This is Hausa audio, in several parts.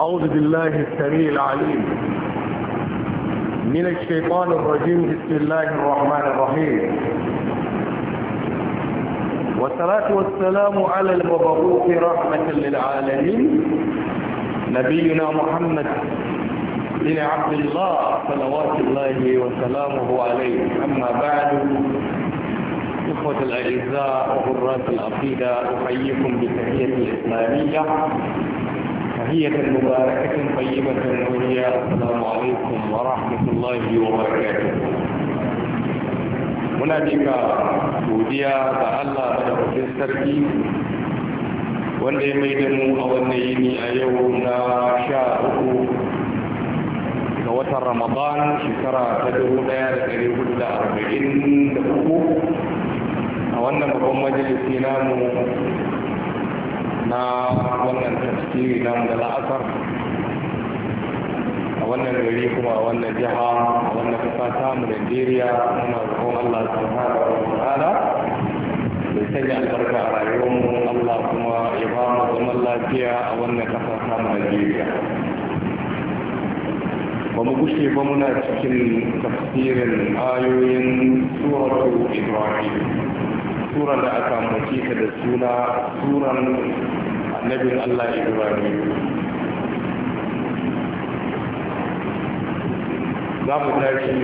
أعوذ بالله السميع العليم من الشيطان الرجيم بسم الله الرحمن الرحيم والصلاة والسلام على المبعوث رحمة للعالمين نبينا محمد بن عبد الله صلوات الله وسلامه عليه أما بعد إخوة الأعزاء وغرات العقيدة أحييكم بتحية الإسلامية تحية مباركة طيبة عليا السلام عليكم ورحمة الله وبركاته هنا بك وديا تعالى على السرقي وندي ميدن أظنيني أيونا شاءه كوات رمضان شكرا تدعو دير قريب الأربعين دقو أولا مجلسنا مجلسنا na wannan tafsiri na da la'asar a wannan gari kuma a wannan jiha a wannan kasa ta mu Najeriya muna roƙon Allah subhanahu wa ta'ala da sanya albarka a rayuwarmu Allah kuma ya ba mu zaman lafiya a wannan kasa ta mu Najeriya ba mu gushe ba muna cikin tafsirin ayoyin suratu Ibrahim suran da aka mace ta da suna suran annabin Allah Ibrahim za mu tashi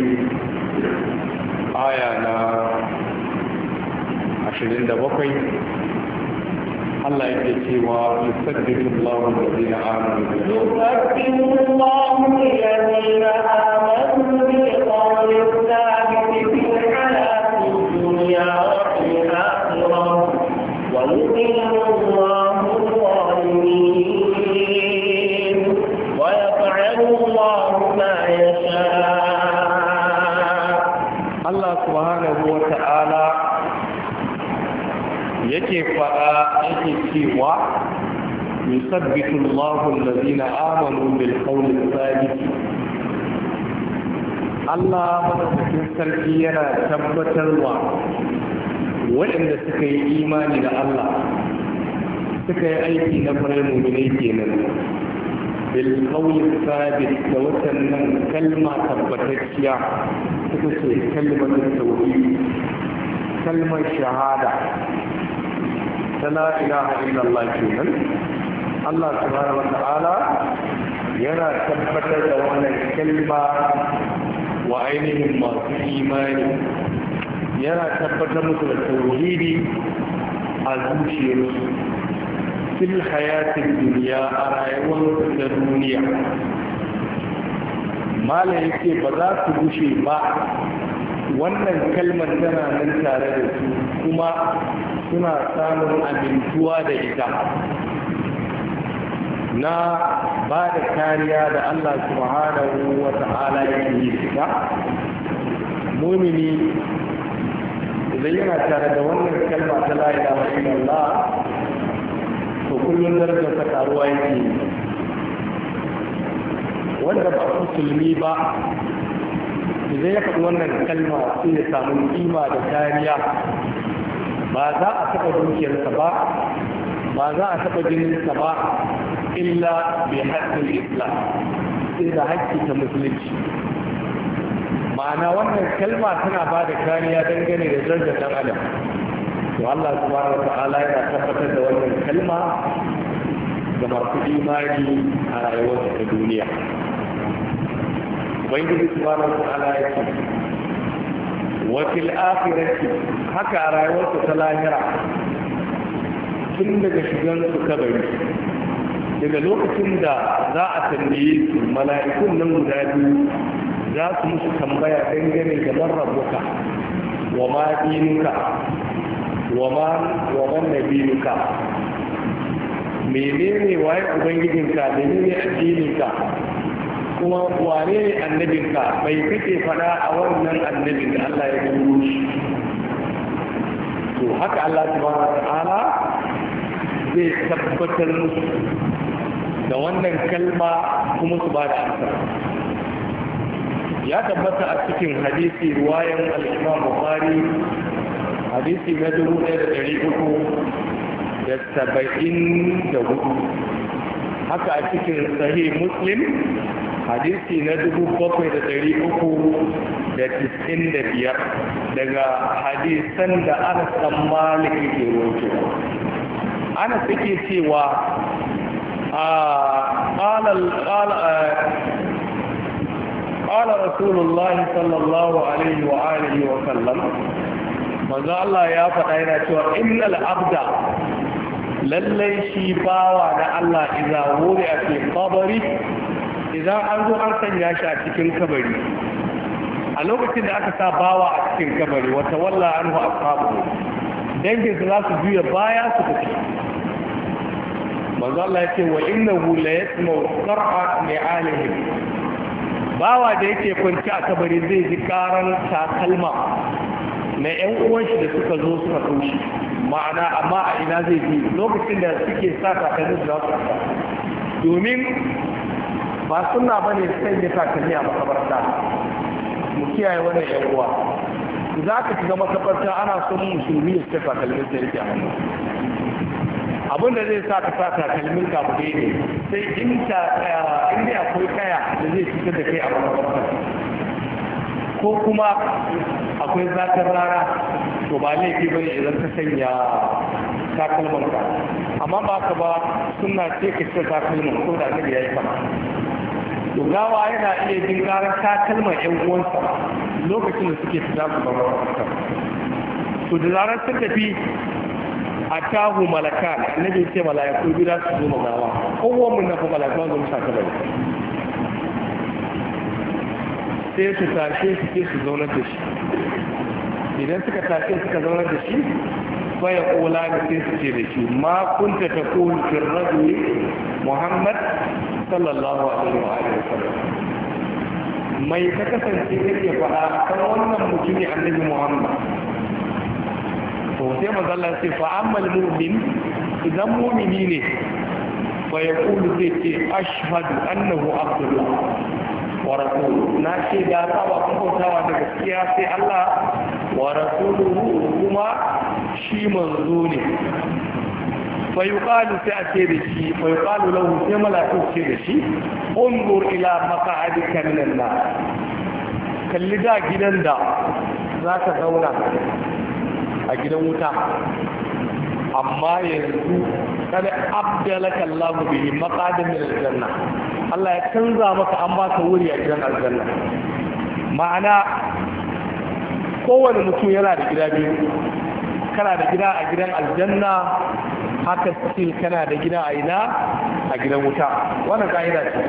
aya na 27 الله يجزي ويسبح الله الذين امنوا يسبح الله الذين امنوا بقول الساعه yake faɗa yake cewa yusabbitu Allahu allazina amanu bil qawli thabit Allah madaukakin sarki yana tabbatarwa waɗanda suka yi imani da Allah suka yi aiki na farai muminai kenan bil qawli sabit da watannan kalma tabbatacciya suka ce kalmar tauhid kalmar shahada ta la ilaha illallah kenan Allah subhanahu wa yana tabbatar da wannan kalma wa ainihin masu imani yana tabbatar musu da tauhidi a zuciyarsu fil hayatin duniya a rayuwar da duniya malam yake ba za su gushe ba wannan kalmar tana nan tare da su kuma suna samun amintuwa da ita na ba da kariya da Allah subhanahu wa ta'ala ya yi ita mumini idan yana tare da wannan kalma ta la ilaha illallah to kullum darajar ta karuwa yake wanda ba musulmi ba idan ya faɗi wannan kalma sai ya samu kima da kariya ba za a taɓa dukiyarsa ba ba za a taɓa jininsa ba illa bi haƙƙin islam sai da haƙƙi ta musulunci ma'ana wannan kalma tana ba da kariya dangane da zarga ɗan adam to Allah subhanahu wa ta'ala yana tabbatar da wannan kalma ga masu imani a rayuwar ta duniya ubangiji subhanahu wa ta'ala ya ce wa fil akhirati haka a rayuwar ta lahira tun daga shigan su kabari daga lokacin da za a tambaye su mala'ikun nan guda biyu za su musu tambaya dangane da man rabuka wa ma dinuka wa ma wa man nabiyuka menene waye ubangijinka a addininka kuma wane ne annabinka bai kake fada a wannan annabin da Allah ya turo shi to haka Allah subhanahu ta'ala zai tabbatar musu da wannan kalma kuma su ba da ya tabbata a cikin hadisi ruwayan al Buhari, hadisi na dubu ɗaya da ɗari uku da saba'in da hudu haka a cikin sahi muslim hadisi na dubu bakwai da ɗari uku da tisin da biyar daga hadisan da anas ɗan malik ke roƙe anas yake cewa a ah, ƙalal قال رسول الله صلى الله عليه وآله وسلم manzo Allah ya faɗa yana cewa innal abda lallai shi bawa da Allah idza wuri a cikin kabari, idan an zo an sanya shi a cikin kabari a lokacin da aka sa bawa a cikin kabari wata walla an hu ashabu dangin su za su juya baya su tafi manzo Allah ya ce wa innahu la yasma'u qar'a li'alihim bawa da yake kwanci a kabari zai ji karan takalma mai yan uwanshi da suka zo suka kushi ma'ana amma a ina zai ji lokacin da suke sa takalmi su za su domin ba suna ba ne sanya takalmi a makabarta mu kiyaye wannan yan uwa za ka shiga makabarta ana son musulmi ya ce takalmin sai ya abin da zai sa ka sa takalmin ka bude ne sai in ta eh, in dai akwai kaya da zai fitar da kai a babban ko kuma akwai zakar rana to ba laifi bane idan ka sanya takalman ka amma ba ka ba suna ce ka ce takalman ko da ya yi fama. to gawa yana iya jin karar takalman yan uwansa lokacin da suke fita su babban to da zarar sun tafi atahu malakan annabi ce malaiku biyu za su zo magawa kowa mun nafa malaiku zo musa ta bari sai su tashe su ke su zaunar da shi idan suka tashe suka zaunar da shi faya kula da sai su ce da shi ma kunta ta kun firrajuli muhammad sallallahu alaihi wa alihi wasallam mai ka kasance yake faɗa kan wannan mutumi annabi muhammad sai mazalla sai fa ammal mu'min idan mu'mini ne ya kulu zai ce ashhadu annahu abdullah wa rasuluhu na ce da ta ba kokotawa da gaskiya sai Allah wa rasuluhu kuma shi manzo ne fa yuqalu sai a ce da shi fa yuqalu lahu sai mala'iku ce da shi ungur ila maq'adika min an-nar kalli da gidan da za ka zauna a gidan wuta amma yanzu kada abdalaka Allahu bihi maqadim min aljanna Allah ya canza maka an baka wuri a gidan aljanna ma'ana kowane mutum yana da gida biyu kana da gida a gidan aljanna haka still kana da gida a ina a gidan wuta wannan ka'ida ce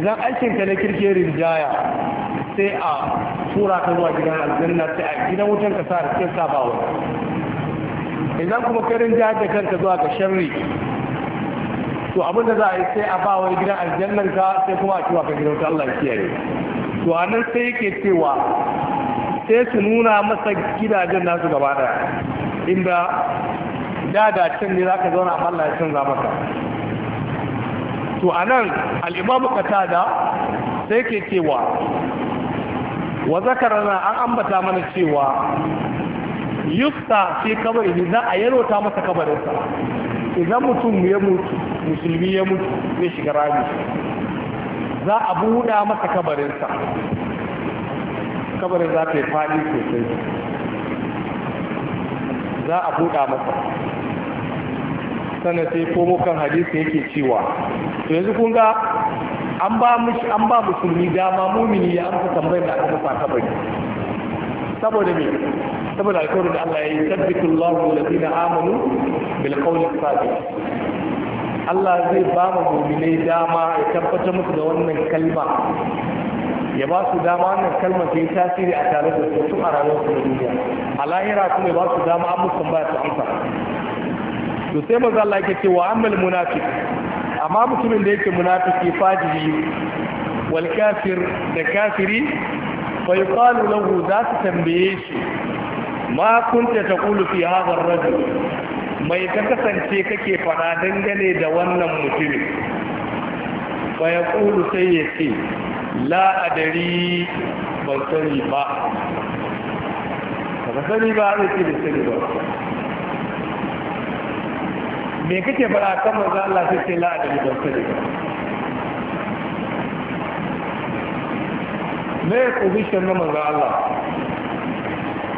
idan aikinka na kirkirin jaya sai a tura ka zuwa gidan aljanna sai a gidan wutan ka sa cikin sabawa idan kuma karin jihar da kanka zuwa ga sharri to abin da za a yi sai a bawa gidan aljannan ka sai kuma a cewa ka gidan wuta Allah ya kiyaye to a nan sai yake cewa sai su nuna masa gidajen nasu gaba daya inda dada can ne za ka zauna a Allah ya canza maka to a nan al'imamu da sai ke cewa wa zakarana an ambata mana cewa yufta fi kabari za a yalwata masa kabarinsa idan mutum ya mutu musulmi ya mutu zai shiga rami za a buɗa masa kabarinsa kabarin za ta yi faɗi sosai za a buɗa masa sannan sai komo kan hadisi yake cewa to yanzu kun ga an ba mushi an ba musulmi dama mumini ya amsa tambayar da aka nufa ta bari saboda me saboda alƙawarin da Allah ya yi sabbitu Allahu allazina amanu bil qawli sabit Allah zai ba mu muminai dama ya tabbatar musu da wannan kalma ya ba su dama wannan kalmar ta yi tasiri a tare da su a rayuwar su da duniya a lahira kuma ya ba su dama an musu tambaya su amsa to sai maza Allah yake cewa amal munafiq amma mutumin da yake munafiki fajiri wal kafir da kafiri fa yuqalu lahu za su tambaye shi ma kunta taqulu fi hadha ar-rajul mai ka kasance kake fada dangane da wannan mutumin fa yaqulu sai ya ce la adari ban sani ba ba sani ba zai ce da sani ba me kake fara kan manzo Allah sai ce la'a da ban sani me position na manzo Allah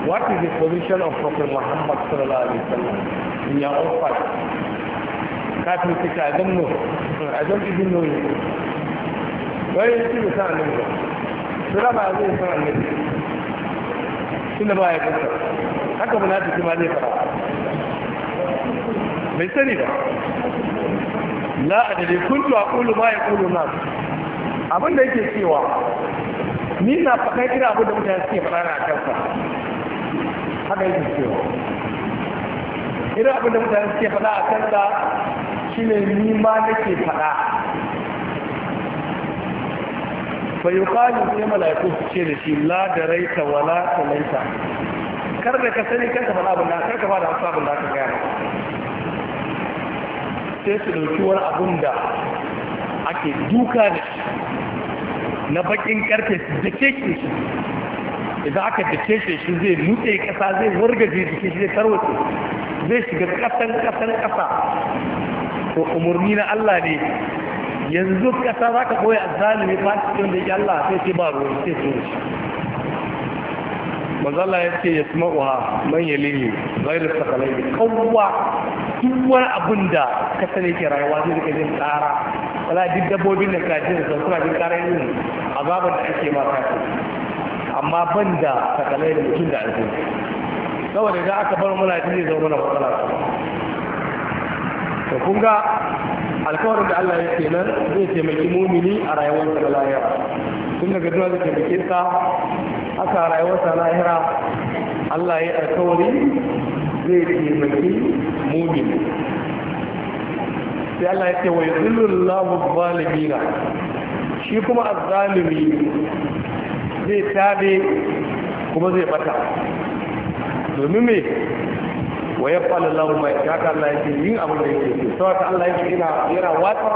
what is the position of Prophet Muhammad sallallahu alaihi wasallam in your own fight kafin suka I don't know I don't even bai shi ne yanzu da sa annabi ba sura ba zai san annabi ne ba ya kusa haka munafiki ma zai fara Mai sani ba la adadi kuntu aqulu ma yaqulu nas abin da yake cewa ni na faɗa kira abu da mutane suke faɗa a kansa haka yake cewa irin abin da mutane suke faɗa a kansa shine ni ma nake faɗa fayuqalu sai malaiku su ce da shi la daraita wala talaita kar da ka sani kanka faɗa abin da kar ka ba da amsa abin da ka gaya sai su ɗauki wani abun da ake duka da shi na bakin karfe su da keke shi idan aka da keke shi zai nutse kasa zai wargaje jiki shi zai tarwace zai shiga kasan kasan kasa ko umarni na Allah ne yanzu kasa za ka koya zalimi ba su cikin da ke Allah sai ce ba ruwa sai so shi mazala ya ce ya suma uha lili, zai da sakalai kawuwa duk wani abun da ka sani ke rayuwa zai rika jin tsara wala duk dabbobin da ka jin sun suna jin tsara yin azabar da ake ma amma ban da sakalai da mutum da azu saboda idan aka bar muna jin zai mana matsala to kun ga alkawarin da Allah ya ce nan zai taimaki mumini a rayuwar sa da tun daga duniya zai taimake ka aka rayuwarsa lahira Allah ya alkawari zai taimaki mumin sai Allah ya ce wa yuzillul zalimina shi kuma azzalimi zai tabe kuma zai bata domin me wa ya fa'ala lahu ma haka Allah ya ce yin abin da yake so saboda Allah ya ce ina yana watsa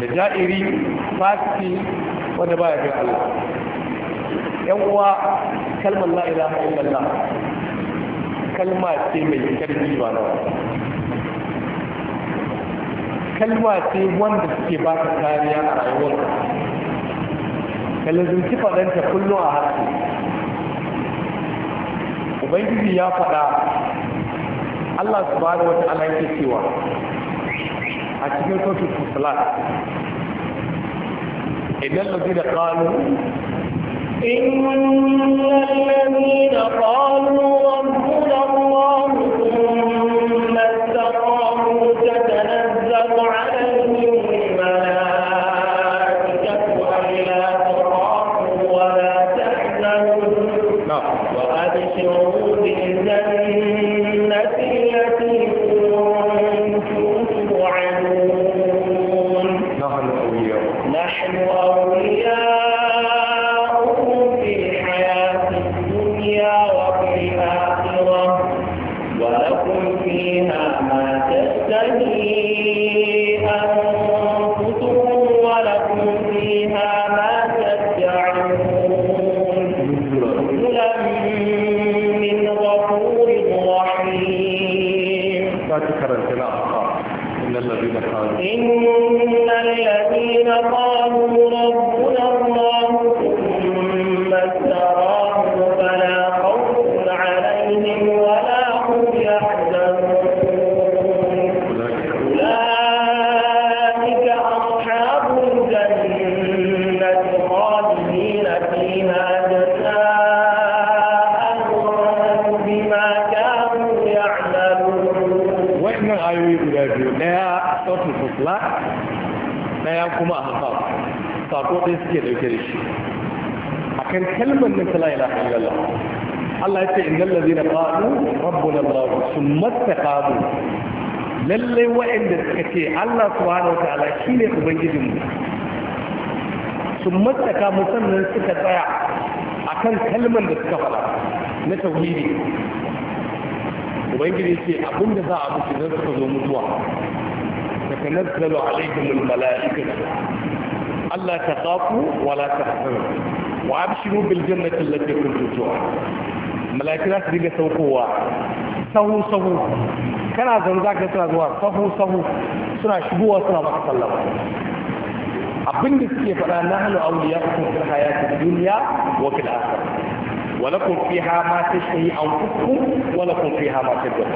da ja'iri fasiki wanda baya bin Allah yan uwa kalmar la ilaha illallah kalma ce mai karfi ba na kalma ce wanda suke ba ka kariya a rayuwarka ka faɗan ta kullum a harshe ubangiji ya faɗa Allah subhanahu wa ta'ala yake cewa a cikin sautin fusilat idan lafi da ƙalu إن الذين قالوا ربنا الله kalmar nan ta la ilaha illallah Allah ya ce innal ladina qalu rabbuna Allah summa taqabu lallai wa'anda suka ce Allah su subhanahu wataala shine ubangijin mu su summa taqamu sannan suka tsaya akan kalmar da suka faɗa na tauhidi ubangiji ce abinda za a mutu idan suka zo mutuwa takanazzalu alaikum al mala'ikatu Allah ta kafu wala ta hasanu wa abshiru bil jannati allati kuntum tu'adun mala'iku za su dinga saukowa sahu sahu kana zaune za ka suna zuwa sahu sahu suna shigowa suna maka sallama abin da suke faɗa na halu auliya kun fi hayati duniya wa fil akhirah wa lakum fiha ma tashtahi anfusukum wa lakum fiha ma tadun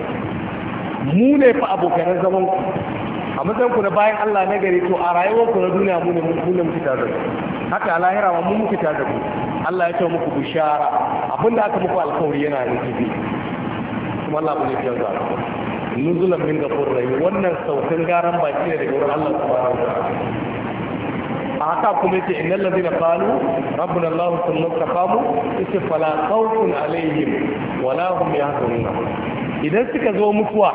mu ne fa abokan zaman ku matsayin ku na bayan Allah na gari to a rayuwar ku na duniya mu ne mu ne muke tare da ku haka a lahira ma mu muke tare da ku Allah ya ce muku bishara abinda aka muku alkawari yana da kibi kuma Allah ku ne fiye da nuzulan min gafur rahim wannan saukan garan baki ne daga wurin Allah subhanahu wa ta'ala a haka kuma yake innal ladina qalu rabbuna allah thumma istaqamu yace fala khawfun alaihim wala hum yahzanun idan suka zo mutuwa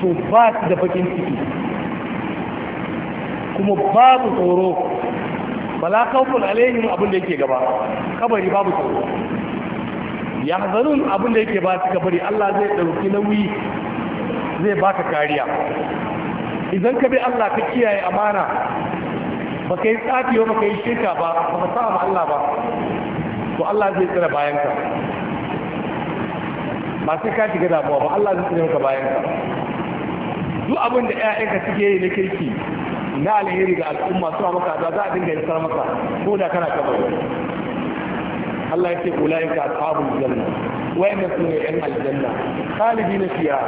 to ba su da bakin ciki kuma babu tsoro bala kawfin alaihim abin da yake gaba kabari babu tsoro ya hazarun abin da yake ba su kabari Allah zai ɗauki nauyi zai baka kariya idan ka bi Allah ka kiyaye amana ba ka yi tsafiyo ba ka yi shirka ba ba ka sa Allah ba to Allah zai tsira bayanka ba sai ka shiga damuwa ba Allah zai tsira maka bayanka duk abin da ƴaƴanka suke yi na kirki na alheri ga al'umma a maka da za a dinga yi sar maka ko da kana kabari Allah ya ce ka ashabul janna wa'inda su ne ƴan aljanna khalidi na fiya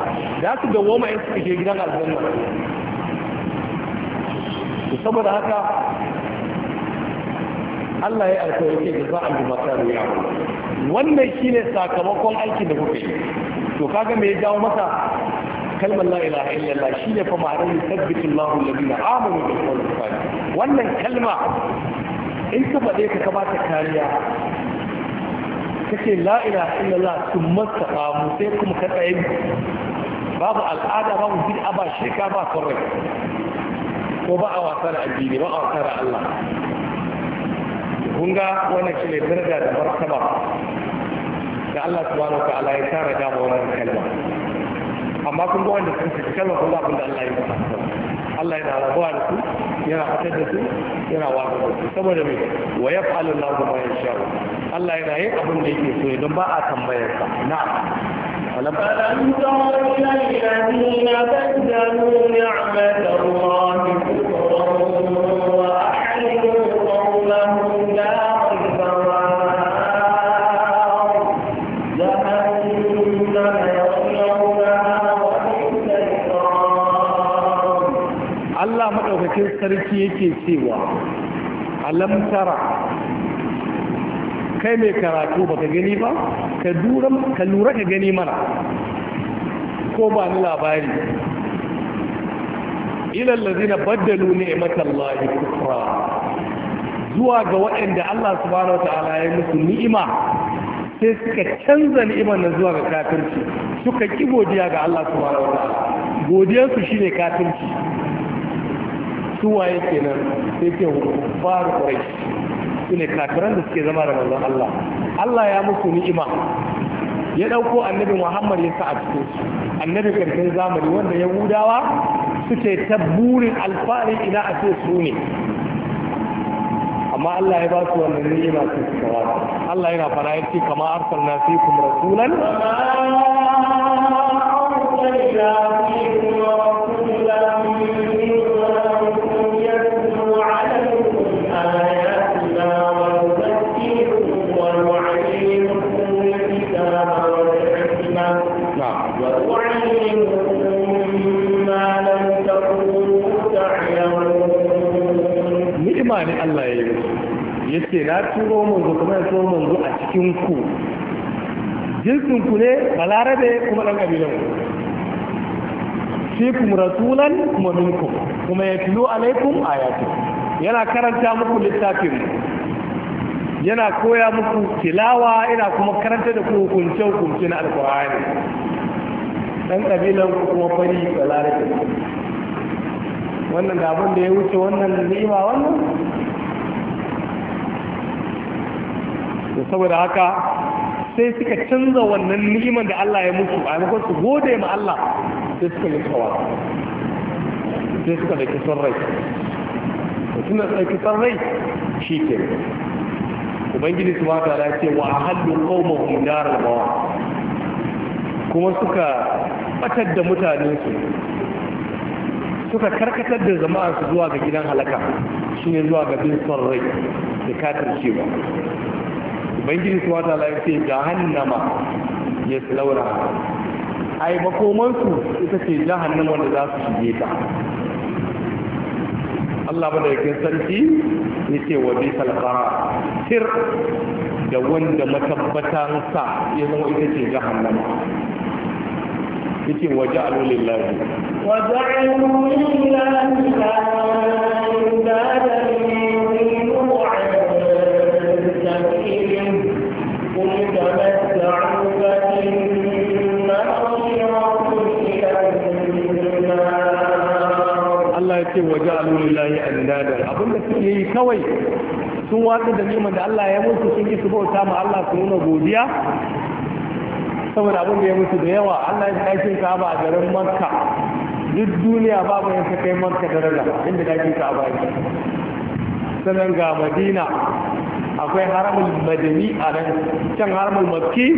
da su dawoma in yin suke gidan aljanna saboda haka Allah ya alkawari da za a bi masa ruwa wannan shine sakamakon aikin da kuka to kaga me ya jawo masa kalmar la ilaha illallah shi ne fa ma'anar yusabbitu Allahu alladhina amanu bil qawli sabit wannan kalma in ka faɗe ka ta kariya kace la ilaha illallah sun thumma taqamu sai kuma ka tsaye babu al'ada babu bid'a ba shirka ba korre ko ba a wasa da addini ba a wasa da Allah kun ga wannan ne daraja da martaba da Allah subhanahu wa ta'ala ya tara da wannan kalma amma kun ga wanda sun fi kalmar kuma abin da Allah ya faɗa Allah yana rabuwa da su yana fitar da su yana wata da su saboda me wa yaf'alu Allahu ma yasha Allah yana yin abin da yake so idan ba a tambayar sa na ألم تر إلى الذين بدلوا نعمة الله كفرا وأحسنا yake cewa alam tara kai mai karatu baka gani ba ka lura ka gani mana ko ba ni labari ilal ladina baddalu ni'matallahi kufra zuwa ga waɗanda Allah subhanahu wataala ya musu ni'ima sai suka canza ni'imar nan zuwa ga kafirci suka ki godiya ga Allah subhanahu wataala godiyar su shine kafirci suwaye kenan sai ke faru kwarai su ne kafiran da suke zama da manzon Allah Allah ya musu ni'ima ya ɗauko annabi Muhammad ya sa a cikin su annabi karshen zamani wanda Yahudawa suke ta burin alfahari ina a ce su ne amma Allah ya ba su wannan ni'ima su suka wata Allah yana fara yace kama arsalna fikum rasulan kama arsalna fikum Ya ce na turo manzo kuma ya turo manzo a cikin ku jinsin ku ne balarabe kuma dan kabilan ku ku rasulan kuma ku. kuma ya tilo alaikum ayati yana karanta muku littafin yana koya muku tilawa yana kuma karanta da ku hukunce hukunce na alkur'ani dan kabilan ku kuma fari balarabe wannan da abin da ya wuce wannan ni'ima wannan saboda haka sai suka canza wannan niman da Allah ya musu a maimakon su gode ma Allah sai suka yi tsawa sai suka da kisan rai Da suna da kisan rai shi ke ubangiji su mata da ce wa ahallu qaumahum daral bawa kuma suka batar da mutanensu, su suka karkatar da jama'ar su zuwa ga gidan halaka shine zuwa ga bin son rai da katar cewa ubangiji su wata ya ce jahannama ya laura yi makomansu ita ce jahannama wanda za su shige ta Allah madaukakin sarki ya ce wa bi salfara sir da wanda matabbatan sa ya zama ita ce jahannama ce wa ja'alu lillahi wa ja'alu lillahi ya ce waje alulillahi abinda yi kawai sun watsa da neman da Allah ya mutu sun yi su bauta ma Allah su nuna godiya saboda abin da ya mutu da yawa Allah ya ɗakin Ka'aba a garin Makka duk duniya mu yanka kai Makka daraja inda ɗakin Ka'aba ga Madina akwai haramul madani a nan can haramul makki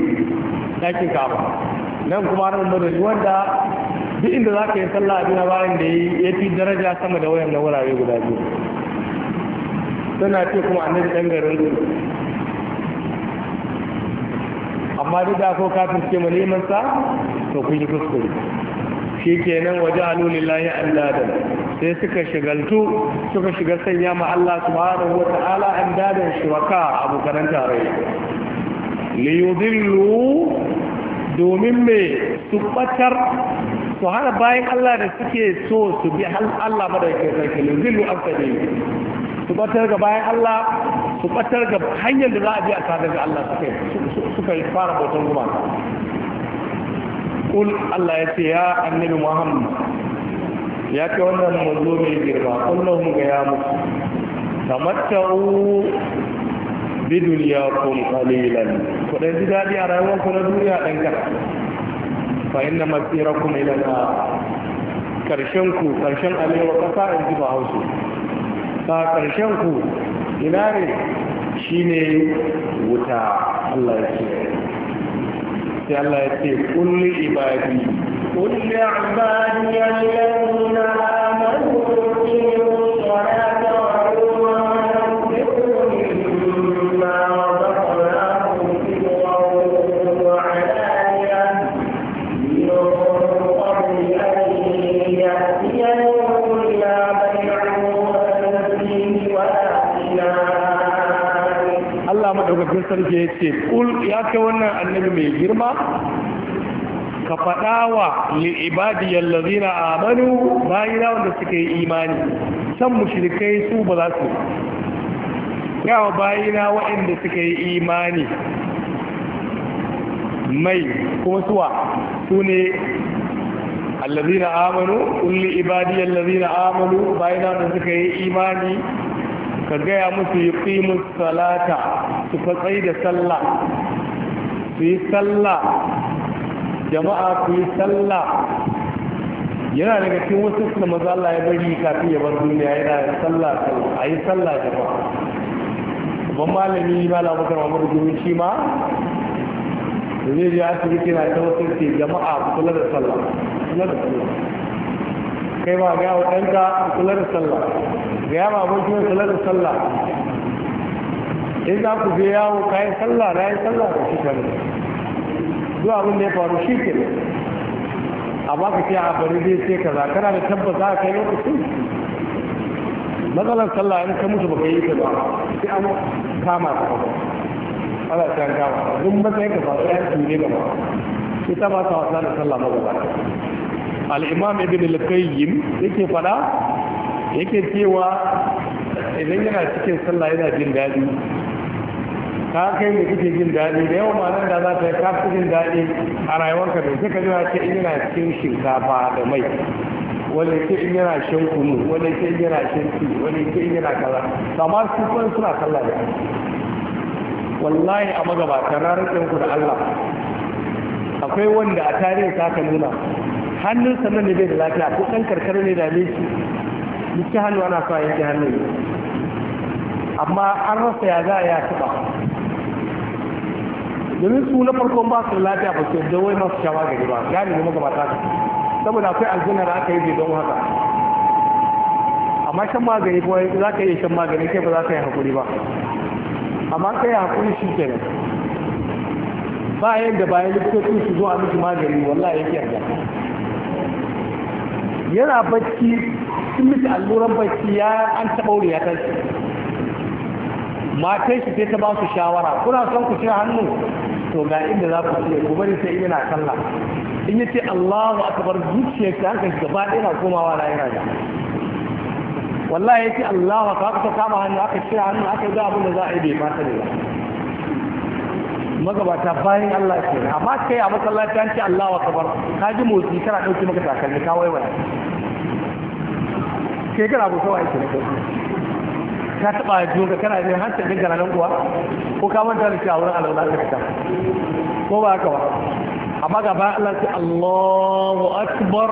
ɗakin Ka'aba nan kuma haramul madani wanda duk inda za ka yi sallah a bina bayan da ya fi daraja sama da wayan na wurare guda biyu suna ce kuma annabi ɗan garin su amma duk da ko kafin suke neman sa to kun yi kuskure shi ke nan waje layi andadan sai suka shigaltu suka shiga sanya ma Allah su subhanahu wata ala andadan shuraka abokanan tarayya li yudillu domin me su batar to har bayan Allah da suke so su bi Allah madaukakin sarki ne zillu an sade su batar ga bayan Allah su batar ga hanyar da za a bi a sadar ga Allah suka yi fara bautan gumaka kul Allah ya ce ya annabi Muhammad ya ce wannan manzo mai girma kullum ga ya muku tamattau bi duniya kun qalilan ku dan ji dadi a rayuwar ku na duniya dan fa inna masirakum ila nar karshen ku karshen alewa kasa in ji bahaushe ba karshen ku ina ne shine wuta Allah ya ce sai Allah ya ce kulli ibadi kulli ibadi alladhina sarki ya ce ƙul ya kai wannan annabi mai girma ka faɗa wa li'ibadi yallazina amanu bayina wanda suka yi imani san mushrikai su ba za su yawa bayina waɗanda suka yi imani mai kuma suwa su ne allazina amanu kulli ibadi allazina amanu bayina wanda suka yi imani ka gaya musu yi ƙimin salata su fatsai da sallah su yi sallah jama'a su yi sallah yana daga cikin wasu da maza Allah ya bari kafin ya bar duniya yana da sallah a yi sallah jama'a babban malami na bakar mara jirgin shi ma zai je asibiti na ta wasu ke jama'a kula da sallah kula da sallah kai ba ga wa ɗanka kula da sallah ga yawa abokin kula da sallah in za ku je yawo kai sallah na yi sallah da shi kan zuwa abin da ya faru shi ke amma ka ce a bari zai ce za, kana da tabbata a kai lokacin matsalar sallah in ka mutu ba baka yi ta ba sai an kama ta ba Allah ta kama duk matsayin ka ba sai an tune ba ita ba ta wasa da sallah ba ba. al'imam ibn al-qayyim yake fada yake cewa idan yana cikin sallah yana jin daɗi ka kai da kuke jin daɗi da yawan malam da za ta yi kafin jin daɗi a rayuwarka da suka jira ce in yana cikin shinkafa da mai wani ke in yana shan kunu wani ke in yana shan ci wani ke in yana kaza amma su kuma suna sallah da wallahi a magabatan ranar ku da Allah akwai wanda a tarihi ka nuna Hannun nan ne bai da lafiya ko ɗan karkar ne da ne shi yake hannu ana so a yanke hannun amma an rasa ya za a ya taba domin su na farkon ba su lafiya ba su yadda wai masu shawa gari ba gani ne magabata ka saboda akwai aljihar da aka yi bai don haka amma shan magani ko za ka iya shan magani kai ba za ka yi hakuri ba amma ka yi hakuri shi kenan bayan da bayan likitocin su zo a miki magani wallahi yake yarda yana bacci sun miki alluran bacci ya an taɓa wuri ya tashi matan shi ta ba su shawara kuna son ku cire hannu to ga inda za ku ce ku bari sai yana sallah in yace Allahu akbar zuciyar ta hankali gaba ɗaya na komawa na yana da wallahi yace Allahu akbar ka kama hannu aka cire hannu aka ga abin da za a yi bai fata da ba magabata bayan Allah ke amma kai a masallaci an ce Allah wa kabar ka ji motsi kana ɗauki maka takalmi ka waiwaya ke kana abu kawai aiki na kai ka taɓa jiyo ka kana yin hancin ɗin gana nan kuwa ko ka manta da cewa wurin alaula ka ta ko ba haka ba amma gaba Allah ce Allahu akbar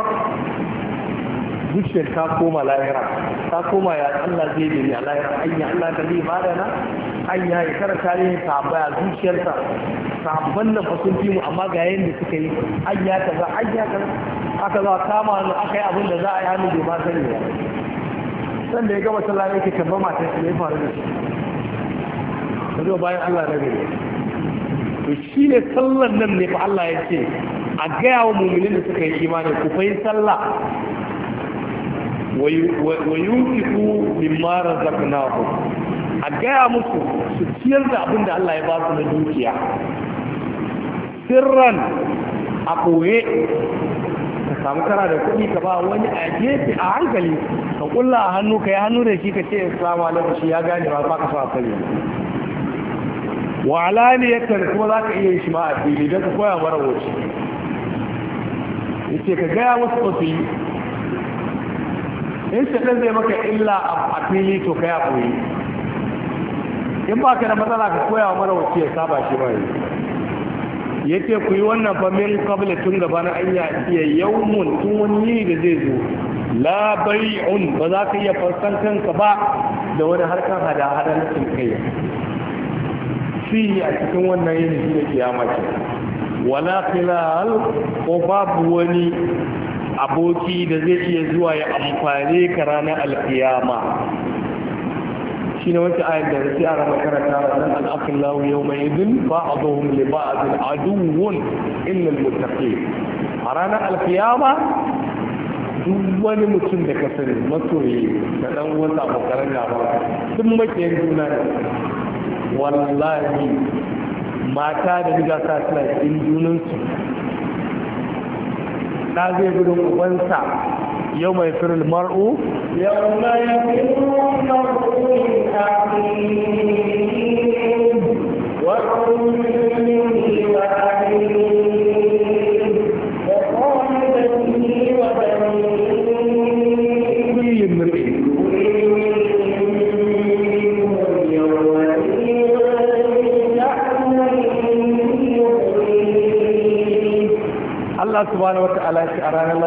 zuciyar ta koma lahira ta koma ya Allah zai da ya lahira anya Allah da zai bada na anya ya karanta ne sahabba a zuciyarsa sahabban nan fa sun fi mu amma ga yanda suka yi anya kaza anya ta aka za kama hannu aka yi abin da za a yi hannu bai ma sani ba san da ya gaba sallah yake tamba matar shi ne faru da shi zo bayan Allah na gari to shi ne sallan nan ne fa Allah ya ce a gaya wa muminin da suka yi imani ku fai sallah wa min mara razaqnahum a gaya musu su ciyar da abin da Allah ya ba su na dukiya sirran a ka samu kana da kuɗi ka ba wani a gefe a hankali ka kulla a hannu ka yi hannu da shi ka ce islamu alaikum shi ya gane ma ba ka sa sani wa alaniyatan kuma za ka iya shi ma a fili don ka koya mara wuce yace ka gaya musu ko su in ce ɗan zai maka illa a fili to ka ya koyi in ba ka da matsala ka koya wa mara wacce ya saba shi ba ya ce ku yi wannan famin kabla tun gaba na anya ya yau mun tun wani yini da zai zo la bai'un ba za ka iya farsan kanka ba da wani harkar hada-hada na cinkayya yi a cikin wannan yin shi da kiyama ce wala khilal ko babu wani aboki da zai iya zuwa ya amfane ka ranar alkiyama shi ne wata ayar da rasu yara makaranta ranar al'akin lawu yau mai izin ba a zuhun liba a zin aduwun illal mutafi a ranar alkiyama duk wani mutum da ka sani masoyi da dan wata abokan gaba sun makiyan juna ne wallahi mata da riga sa suna cikin junansu na zai gudun ubansa yau mai firin mar'u yau mai firin mar'u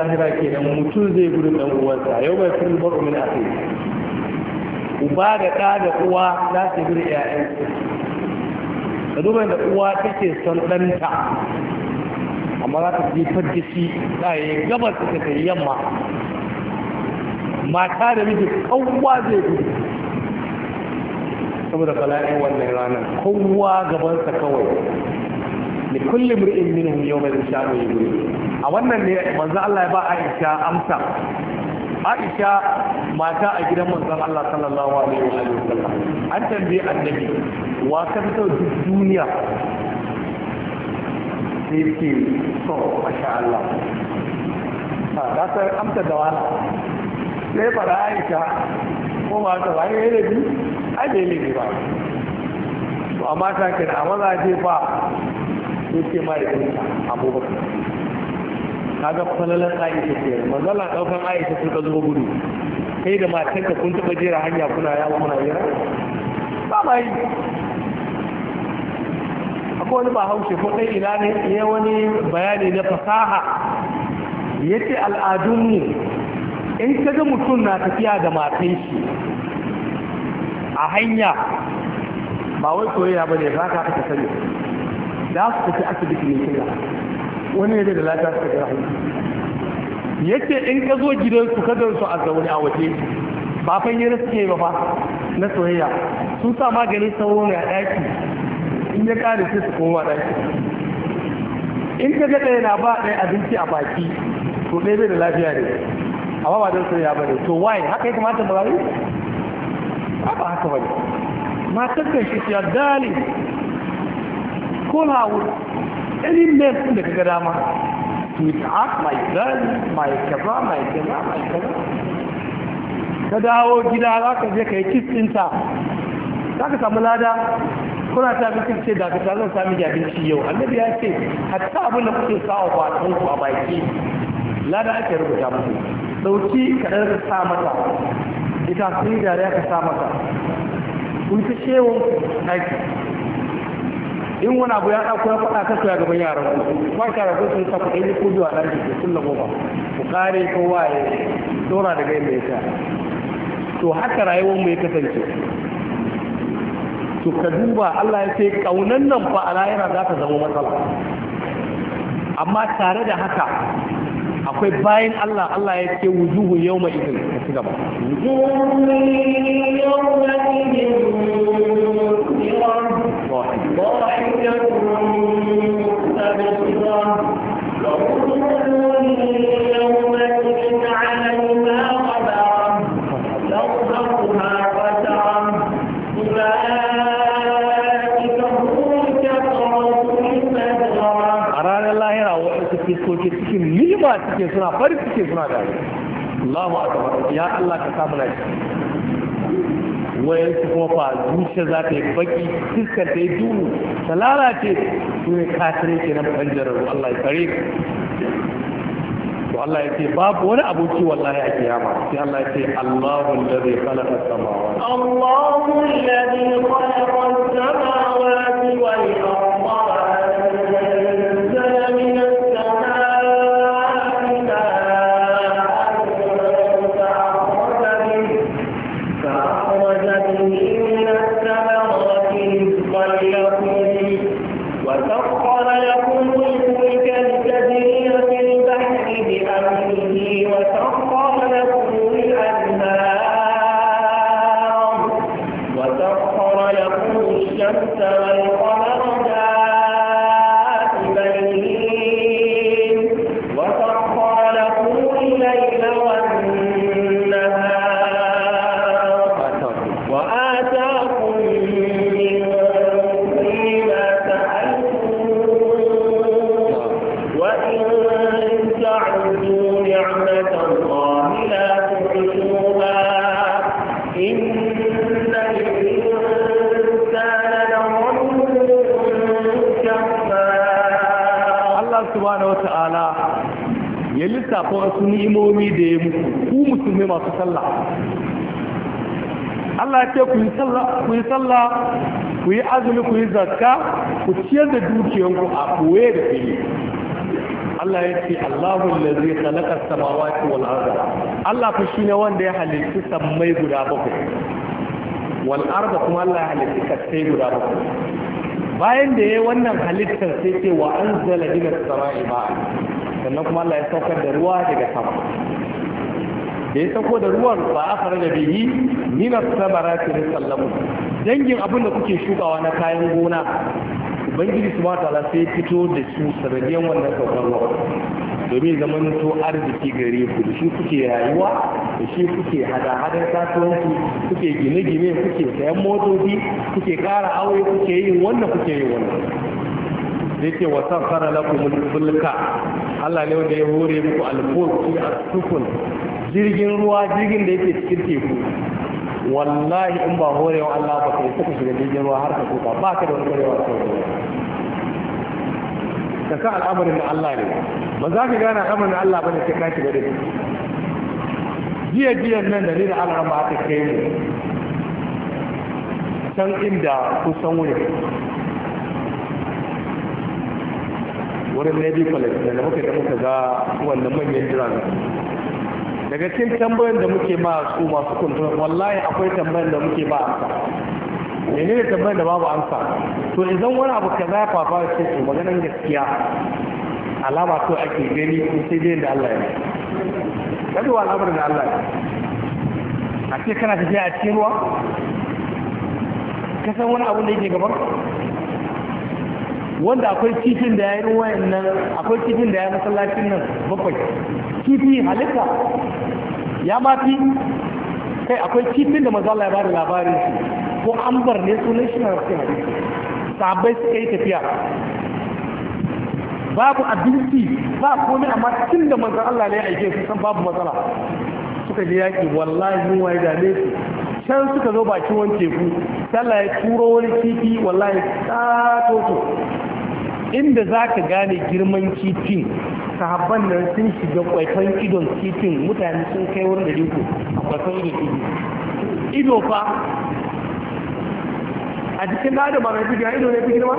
lahira kenan mutum zai gudu dan uwansa yau mai fil bar'u min kai uba da ɗa da uwa za su gudu ƴaƴan ka duba da uwa take son ɗanta amma za ta jefar da shi ɗaya gabas ta yamma mata da miji kowa zai gudu saboda bala'in wannan ranar kowa gabansa kawai li kulli mri'in minhum yawma sha'nu a wannan ne manzo Allah ya ba Aisha amsa Aisha mata a gidan manzon Allah sallallahu alaihi wa sallam an tambaye annabi wa ka fito duniya sai ce to masha Allah ta san amsa da wani sai fara Aisha ko ba ta ba ne ne bi ai ne ne ba to amma ta kira amma za ta ba ke ma da ɗinka abubakar kaga falalan aisha ce manzala ɗaukan aisha suka zo gudu kai da matanka kun taɓa jera hanya kuna yawo muna jira ba ma yi akwai wani bahaushe ko ɗan ina ne ya wani bayani na fasaha ya ce al'adunmu in ka ga mutum na tafiya da matan shi a hanya ba wai soyayya ba ne za ka ta sani za su tafi asibiti mai kira wani ne da lata su tafi rahu yake in ka zo gidansu ka su a zaune a waje ba fanyar suke ba ba na soyayya sun sa maganin sauro ne a ɗaki in ya ƙare sai su koma ɗaki in ka ga ɗaya na ba ɗaya abinci a baki to ɗaya bai da lafiya ne amma ba don soyayya ba ne to why haka ya kamata ba yi ba haka ba ne matar da shi ya dali kola wuri irin any name da kaga dama sweetheart mai girl mai kaza mai kaza mai kaza ka dawo gida za ka je ka yi kiss ɗinta za ka samu lada kuna ta bikin ce da ka zan sami abinci yau annabi ya ce hatta abin da kuke sawa ba ku a baki lada ake rubuta muku dauki ka ɗan ka sa mata ita sun yi dariya ka sa mata kun fi shewon aiki in wani abu ya ɗauko ya faɗa kasu ya gaban yaran ku ba ka rabu sun sa kuɗi yi kudu a ɗan jiki sun lago ba ku kare kowa waye dora da gai mai ta to haka rayuwar mu ya kasance to ka duba Allah ya ce kaunan nan fa a lahira za ta zama matsala amma tare da haka akwai bayan Allah Allah ya ce wujuhu yau mai izin ka ci gaba. yau mai suke suna farin suke suna da Allahu akbar ya Allah ka samu lafiya Wa'yan su kofa zuciya za ta yi baki fuskar ta yi duhu ta lalace su ne kafirai ke nan ɓangaren Allah ya kare to Allah ya ce babu wani aboki wallahi a kiyama sai Allah ya ce Allahu allazi khalaqa as-samawati Allahu allazi khalaqa as-samawati wal الله wa ta'ala ya lissafa wasu ni'imomi da ya muku ku musulmi masu sallah Allah ya ce ku yi sallah ku yi azumi ku yi zakka ku ciyar da dukiyanku a koye da fili Allah ya ce Allahu allazi khalaqa samawati wal arda Allah fa shine wanda ya halitta sammai guda bakwai wal arda kuma Allah ya halitta kasai guda bakwai bayan da yayi wannan halittar sai ce wa anzala min as-sama'i ma'a sannan kuma Allah ya saukar da ruwa daga sama da ya sauko da ruwan ba a fara da bihi min as-samarati rizqan lakum dangin abin da kuke shukawa na kayan gona ubangiji su bata ala sai fito da su sanadiyan wannan saukar wa domin zaman to arziki gare ku da shi kuke rayuwa da shi kuke hada-hadar kasuwanci kuke gine-gine kuke sayan motoci kuke ƙara aure kuke yin wannan kuke yin wannan da yake wasa fara lakumul fulka Allah ne wanda ya hore muku alfulki a tukun jirgin ruwa jirgin da yake cikin teku wallahi in ba horewa Allah ba kai suka shiga jirgin ruwa har ka tuka ba ka da wani horewa ta wani ka ka al'amarin da Allah ne ba za ka gane al'amarin da Allah ba ne sai ka shiga da jiya jiyan nan da ni da Allah ba ta kai ne can inda kusan wuri wurin navy kwalifin da muka da muka ga wannan manyan jiragen daga cikin tambayan da muke ba su masu control wallahi akwai tambayan da muke ba amsa menene tambayan da babu amsa to idan wani abu kaza ya fafa ce to maganar gaskiya alama to ake gani sai dai da Allah ya kaji wa al'amarin da Allah ya a ce kana tafiya a cikin ruwa ka san wani abu da yake gaban wanda akwai kifin da ya yi wayan nan akwai kifin da ya masallacin nan bakwai kifi halitta ya mafi kai akwai kifin da mazala ya bada labarin su ko ambar ne ne shi na rafi halitta sabai suka yi tafiya babu abinci ba komai amma tun da manzan Allah ne ya aike su san babu matsala suka je yaƙi wallahi mun ya dame su. can suka zo bakin wani teku sallah ya turo wani kifi wallahi ta toto inda za ka gane girman kifin sahabban da sun shiga kwaifan idon kifin mutane sun kai wurin da riko a kwaifan idon ido ido fa a cikin da ba mai fi ido ne fi girma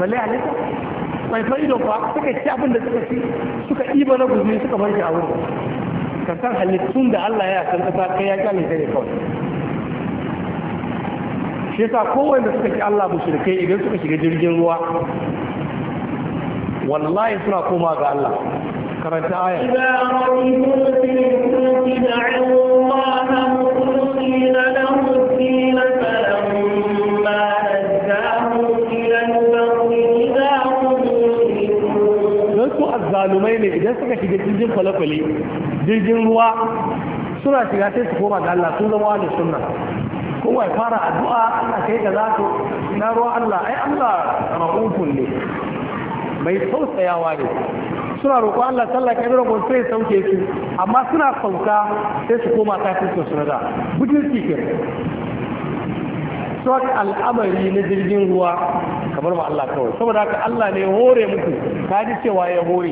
balle halitta kwaifan ido fa suka ci abin da suka ci suka iba na guzmi suka bar shi a wurin kasan halittun da Allah ya san kasa kai ya kyale ta ne kawai shi yasa kowanne suka ki Allah mushrikai idan suka shiga jirgin ruwa wallahi suna koma ga Allah karanta aya idza ra'itum fil ne idan suka shiga jirgin kwale-kwale jirgin ruwa suna shiga sai su koma ga Allah sun zama da sunna Kowai fara addu'a Allah kai ga zato na ruwa Allah ai Allah rahutun ne mai tausayawa ne suna roƙo Allah sallah ka ibra gon sai sauke su amma suna sauka sai su koma kafin su sunada butulci ke so al'amari na jirgin ruwa kamar ma Allah kawai saboda haka Allah ne hore muku ta ji cewa ya hore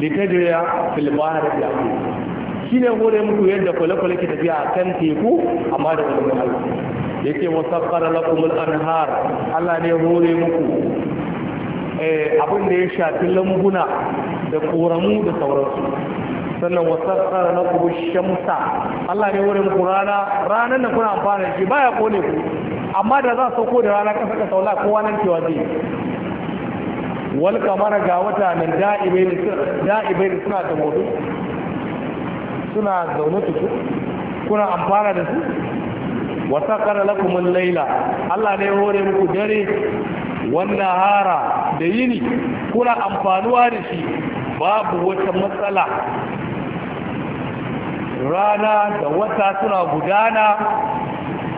litajriya fil bahri bi shi ne hore muku yadda kwale-kwale ke tafiya a kan teku amma da wani mahal yake wasaffara lakumul anhar Allah ne hore muku Eh, abin da ya shafi lambuna da ƙoramu da sauransu sannan wasassara na kuma shamsa Allah ne wurin ku rana ranar da kuna amfana shi baya kone ku amma da za sauko da rana kasa kasa saula kowa nan cewa zai wal kamar ga wata nan da'ibai da suna da mutu suna zaune tutu kuna amfana da su wasassara lakumul laila Allah ne wurin ku dare wannan hara da yini kuna amfanuwa da shi babu wata matsala rana da wata suna gudana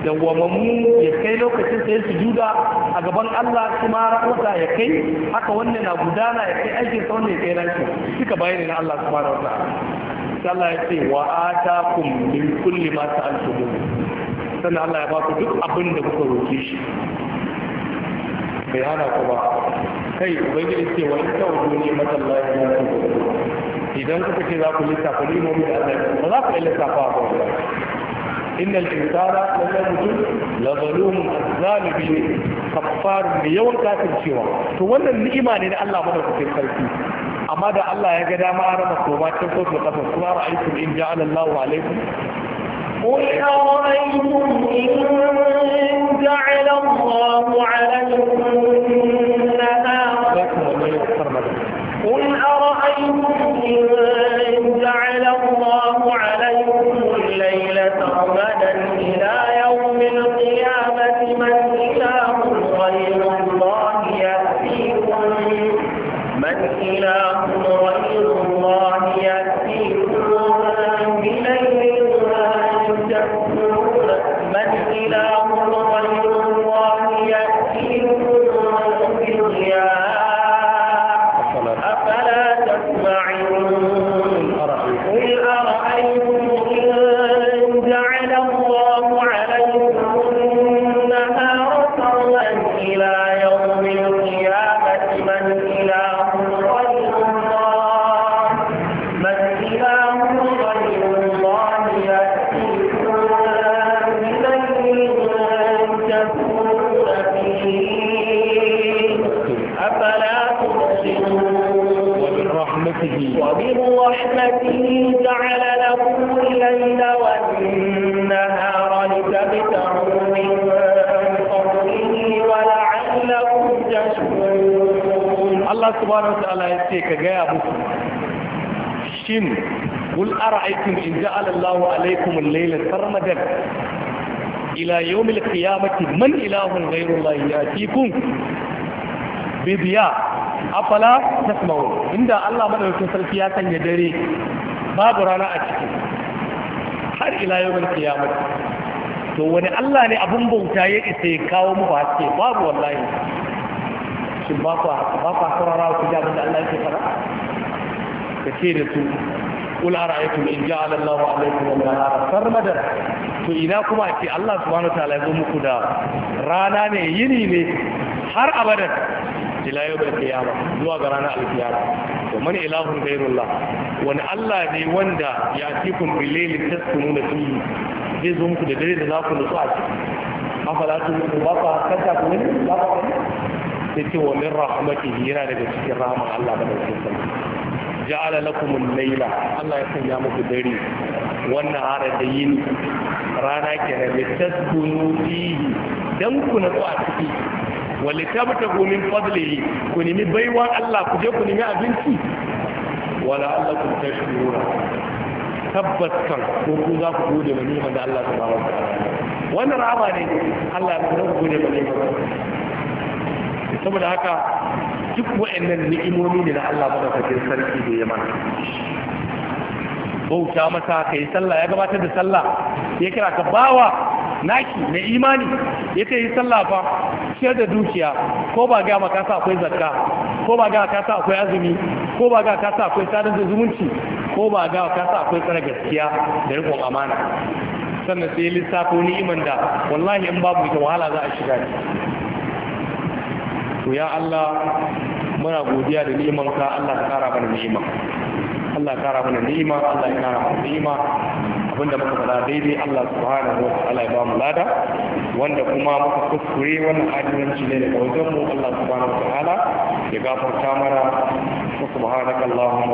da wamammu ya kai lokacin sai su juda a gaban Allah kuma wata ya kai haka wannan na gudana ya kai aikin sa wannan ya kai ranki duka bayani na Allah subhanahu wa ta'ala Allah ya ce wa kun min kulli ma ta'altumun sannan Allah ya ba ku duk abin da kuka roke shi bai hana ku ba kai ubangiji ce wani kyau duniya mata lafiya ne idan kuka ce za ku lissafa ne mai da azabi ba za ku yi lissafa ba inna al-insana la yamutu la zalum zalibi kafar bi yawan kafircewa to wannan ni'ima ne da Allah mana kuke karfi amma da Allah ya ga dama ara ba toba cikin ko su kafa kuma ra'aytu in ja'ala Allahu alaykum qul ya ayyuhum جعل الله عليكم النهار قل أرأيتم إن وبرحمته جعل لكم الليل والنهار لتبتعوا من فضله ولعلكم تشكرون الله سبحانه وتعالى يسيك جابك شن قل أرأيتم إن جعل الله عليكم الليل سرمدا إلى يوم القيامة من إله غير الله يأتيكم بضياء afala tasma'u inda Allah madaukakin sarki ya sanya dare babu rana a ciki har ila yawon kiyamar to wani Allah ne abin bauta ya isa ya kawo mu ba haske babu wallahi shin ba ku ba ku saurara ku ji abin da Allah yake fara ka ce da su qul ara'aytum in ja'ala Allahu 'alaykum an-nahara sarmadan to ina kuma ce Allah subhanahu wa ta'ala ya zo muku da rana ne yini ne har abadan ila zuwa ga ranar alkiyama to man ilahun ghayrullah wani Allah ne wanda ya tikum bilailin zai zo muku da dare da za ku nutsu a ciki afala tu ba ka ku ne ba sai ce wa min yana daga cikin rahman Allah da ja'ala lakum al-layla Allah ya sanya muku dare wannan hara da yini rana kenan da tasbunu dan ku na a ciki wali tabtagu min fadlihi ku nemi baiwa Allah ku je ku nemi abinci wala Allah ku allakum tashkuruna tabbas kan ko ku za ku gode wa ni'imar da Allah subhanahu wa wannan rahama ne Allah ya ku gode wa ni'imar saboda haka duk wa'annan ni'imomi ne na Allah kake sarki da ya bauta masa ka yi sallah ya gabatar da sallah ya kira ka bawa naki mai imani ya ce yi sallah fa ciyar da dukiya ko ba ga maka sa akwai zakka ko ba ga ka sa akwai azumi ko ba ga ka sa akwai sadar da zumunci ko ba ga ka sa akwai tsara gaskiya da riƙon amana sannan sai lissafo ni'iman da wallahi in babu ita wahala za a shiga ne to ya Allah muna godiya da ni'imanka Allah ka kara mana ni'ima Allah ya kara mana ni'ima Allah ya kara mana ni'ima abinda muka faɗa daidai Allah subhanahu wa ta'ala ya ba mu lada wanda kuma muka kuskure wannan adalci ne daga wajen mu Allah subhanahu wa ta'ala ya gafarta mana subhanakallahumma